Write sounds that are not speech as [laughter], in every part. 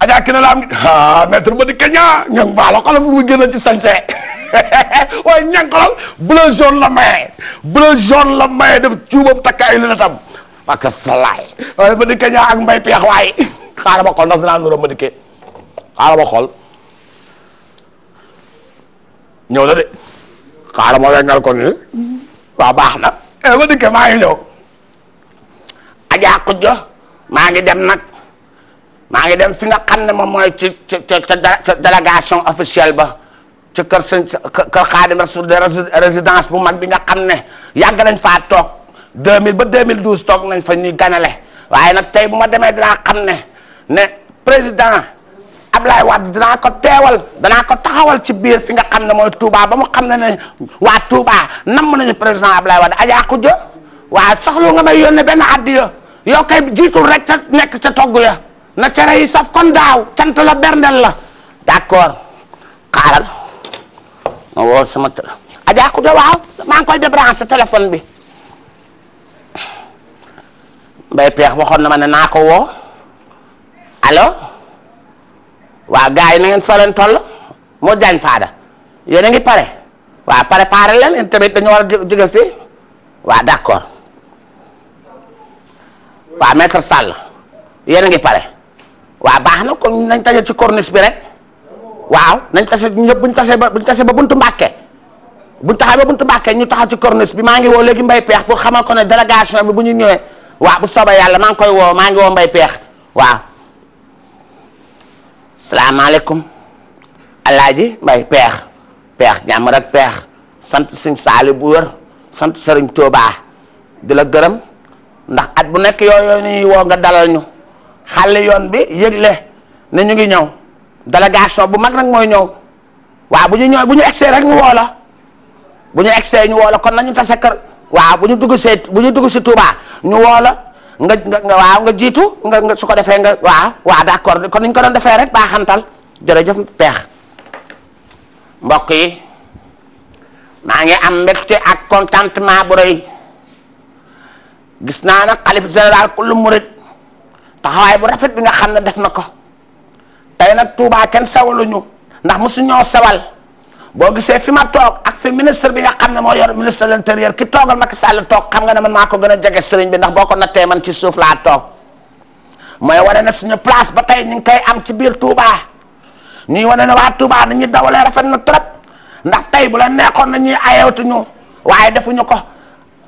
Adja Kine la am ah maître ba di Kenya ñoom baalo xoolal fu mu génn ci sañse [laughs] waaye ña nga xoolal bleu la maye bleu jaune la maye def cuubam takk ay lunetam ak salaay waaye ba di Kenya ak mbay peex waay [laughs] xaaral ma xool ndax dinaa nuroo ma dikkee xaaral ma xool ñëw de xaaral ma wengal ko nii waaw baax na ma eh, dikkee maa ngi ñëw maa ngi dem nag. maa ngi dem fi nga xam ne moom mooy ci ci ca délégation officielle ba ci kër sëñ kër Xaadim Rasul de résidence bu mag bi nga xam ne yàgg nañ faa toog mille ba mille 2012 toog nañ fa ñuy ganale waaye nag tey bu ma demee dinaa xam ne ne président Ablaye Wade dinaa ko teewal danaa ko taxawal ci biir fi nga xam ne mooy Touba ba mu xam ne ne waa Touba nam mu nañu président Ablaye Wade ajaa xuja waaye soxlu nga may yónnee benn addiya yoo koy jiitul rek te nekk ca togg ya na cere yi saf kon daaw cant la berndel la d'accord xaaral ma woo sama téléphone Adja Khoudia waaw maa ngi koy débranché téléphone bi Mbaye Peex waxoon na ma ne naa ko woo allo waaw gars yi na ngeen fa leen toll moo jaañ faada yéen a ngi pare waaw pare pare leen yéen tamit dañu war a jóge si waaw d'accord waaw maître Sall yéen a ngi pare waaw baax na ko nañ tase ci corniche bi rek waaw nañ tase ñëpp buñ tase ba buñ tase ba buntu Mbàkke buñ taxaw ba buntu Mbàkke ñu taxaw ci corniche bi maa ngi woo léegi Mbaye Peex pour xamal ko ne délégation bi bu ñu ñëwee waaw bu soobee yàlla maa ngi koy woo maa ngi woo Mbaye Peex waaw salaamaaleykum alaaji Mbaye Peex Peex jàmm rek Peex sant Sëñ Saali bu wër sant Sëriñ toobaa di la gërëm ndax at bu nekk yooyu yooyu woo nga dalal ñu xale yoon bi yëgle na ñu ngi ñëw délégation bu mag nag mooy ñëw waaw bu ñu ñëw bu ñu egsee rek ñu woo la bu ñu egsee ñu woo kon nañu tase kër waaw bu ñu dugg see bu ñu dugg si Touba ñu woo la nga nga nga jiitu nga nga su ko defee nga waaw waaw d'accord kon niñ ko doon defee rek baaxantal jërëjëf peex mbokk yi maa ngi am mbégte ak contentement bu rëy gis naa nag xalif général kullu murid taxawaay bu rafet bi nga xam ne def na ko tey nag Touba kenn ñu ndax mosu ñoo sawal boo gisee fi ma toog ak fi ministre bi nga xam ne moo yor ministre de l'intérieur ki toogal Macky Sall toog xam nga ne man maa ko gën a jege sëriñ bi ndax boo ko nattee man ci suuf laa toog mooy wane ne suñu place ba tey ñu ngi koy am ci biir Touba ñuy wane ne waa Touba na ñuy dawalee rafet na trop ndax tey bu la neexoon na ñuy ayewtuñu waaye defuñu ko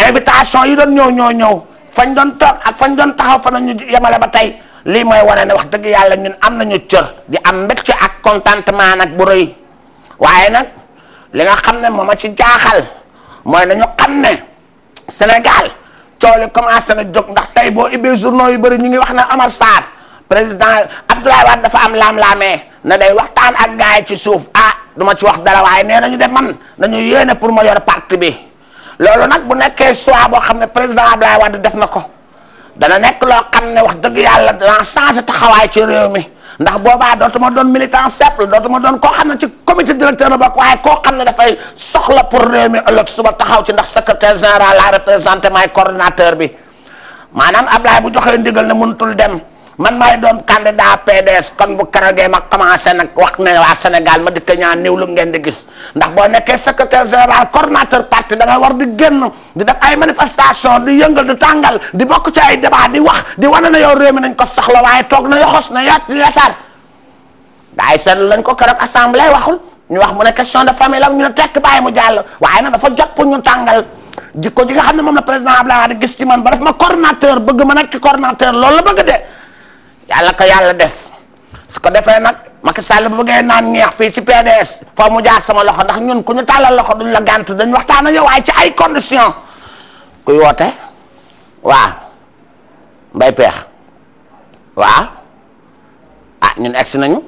invitation yi doon ñëw ñoo ñëw. fañ doon toog ak fañ doon taxaw fa nañu yamale ba tey lii mooy wane na wax dëgg yàlla ñun am nañu cër di am ci ak contentement nag bu waaye nag li nga xam ne moom a ci jaaxal mooy nañu xam ne Sénégal coow li commencé na jog ndax tey boo ubbee journaux yu bëri ñu ngi wax na Omar Sarr président Abdoulaye Wade dafa am laam-laamee na day waxtaan ak gars yi ci suuf ah duma ci wax dara waaye nee na ñu de man dañu yéene pour ma yor parti bi loolu nag bu nekkee choix boo xam ne président Abdoulaye Wade def na ko dana nekk loo kam ne wax dëgg yàlla danaa changé taxawaay ci réew mi ndax boobaa dootuma doon militant simple dootuma doon ko xam ne ci comité directeur la bokk waaye koo xam ne dafay soxla pour réew mi ëllëg suba taxaw ci ndax secrétaire général la représenté maay coordinateur bi maanaam Abdoulaye bu joxee ndigal ne mënutul dem man maay doon candidat PDS kon bu karagee ma commencé nag wax ne waa Sénégal ma dikk ñaan néew lu ngeen di gis ndax boo nekkee secrétaire général coordonnateur parti da ngay war di génn di def ay manifestation di yëngal di tàngal di bokk ci ay débat di wax di wane na yow réew mi nañ ko soxla waaye toog na yoxos na yaat yasaar daay seetlu lañ ko keroog assemblée waxul ñu wax mu ne question de famille la ñu ne tekk bàyyi mu jàll waaye nag dafa jot pour ñu tàngal jikko ji nga xam ne moom la président Abdoulaye gis ci man ba ma coordonnateur bëgg ma nekk coordonnateur loolu la bëgg de yàlla ko yàlla def su ko defee nag Macky Sall bu bëggee naan neex fii ci PDS foo mu jaar sama loxo ndax ñun ku ñu tàllal loxo duñ la gàntu dañ waxtaan ak yow waaye ay condition kuy woote waaw mbay peex waaw ah ñun egsi nañu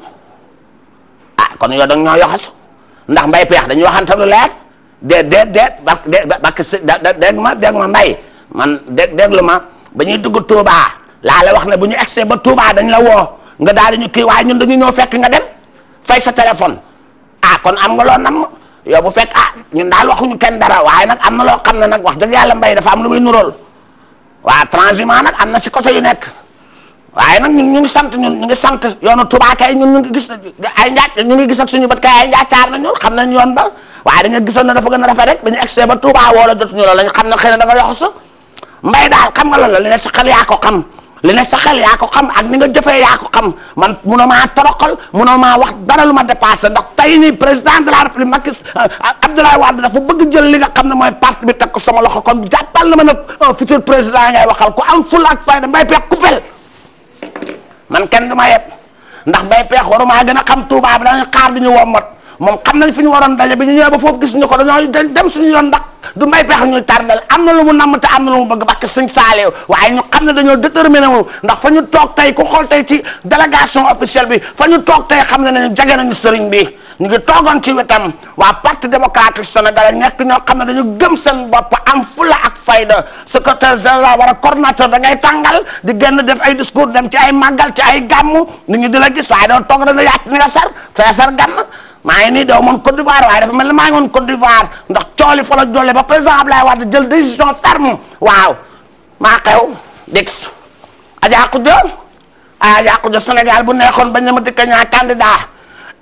ah kon yow da ñoo yoxas ndax mbay peex dañuy waxante lu leer déet déet déet ba déet ba ma dégg ma mbay man dégg déglu ba ñuy dugg Tuubaa laa la wax ne bu ñu egsee ba Touba dañ la woo nga daal di ñu kii waaye ñun dañu ñëw fekk nga dem fay sa téléphone ah kon am nga loo nam yow bu fekk ah ñun daal waxuñu kenn dara waaye nag am na loo xam ne nag wax dëgg yàlla mbay dafa am lu muy nuróol waa transhumant nag am na ci côté yu nekk waaye nag ñun ñu ngi sant ñu ngi sant yoonu Touba kay ñun ñu ngi gis ay njaaj ñu ngi gis ak suñu bët kay ay njaacaar na xam nañ yoon ba waaye dañu gisoon na dafa gën a rafet rek dañu egsee ba Touba woo la jotuñu loolu lañ xam ne xëy na da nga yoxu sa mbay daal xam nga loolu la li ne si xel yaa ko xam li ne sa xel yaa ko xam ak ni nga jëfee yaa ko xam man munoo maa toroxal munoo maa wax dara lu ma dépassé ndax tey président de la république Macky euh, Abdoulaye Wade dafa bëgg jël li nga xam ne mooy parti bi teg ko sama loxo kon jàppal na ma ne euh, futur président ngay waxal ku am ful ak fayda mbay peex coupel man kenn du ma ndax mbay peex waru maa gën a xam Touba bi dañuy xaar du ñu wommat moom xam nañ fi ñu waroon daje bi ñu ñëwee ba gis ñu ko dañoo dem suñu yoon ndax du may pexe ñuy tardel am na lu mu namm te am na lu mu bëgg bakk suñ saaleew waaye ñu xam ne dañoo déterminé wu ndax fa ñu toog tey ku xool tey ci délégation officielle bi fa ñu toog tey xam na ne jage na ñu sëriñ bi ñu ngi toogoon ci wetam waa parti démocratique sénégalais nekk ñoo xam ne dañu gëm seen bopp am fula ak fayda secrétaire général wala coordonnateur da ngay tàngal di génn def ay discours dem ci ay màggal ci ay gàmmu nit ñi di la gis waaye doo toog dana yàcc ni nga sar sa sar gàmm maa ngi nii daw man Côte d'Ivoire waaye dafa mel ni maa ngi woon d'Ivoire ndax cooli fa la jolle ba président Abdoulaye Wade jël décision ferme waaw maa xew dix Adja Koudia Adja bu neexoon bañ ne ma dikka ñaa candidat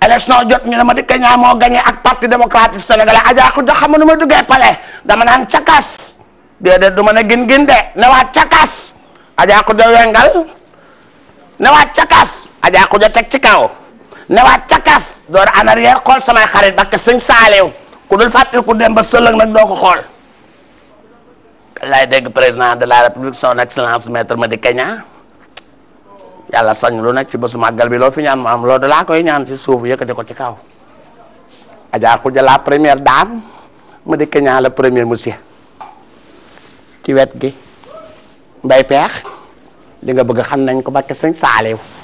élection jot ñu ne ma dikka ñaa moo gagné ak parti démocratique sénégalais Adja Koudia xam nu ma duggee palais dama naan cakas déedéet du ma ne gin gin de ne waa cakas Adja Koudia wengal ne waa cakas Adja Koudia teg ci kaw newaat cakaas door en arrière xool samay xarit bakk sëñ saaleew ku dul fàttali ku dem ba sëlëg nag doo ko xool laay dégg président de la république son excellence maître Madické Niang yàlla sañ lu nekk ci bésu màggal bi loo fi ñaan mu am loolu dalaa koy ñaan ci suuf yëkkati ko ci kaw Adja Khoudia la première dame Madické Niang la premier monsieur ci wet gi mbay peex li nga bëgg xam nañ ko ba sëñ saaleew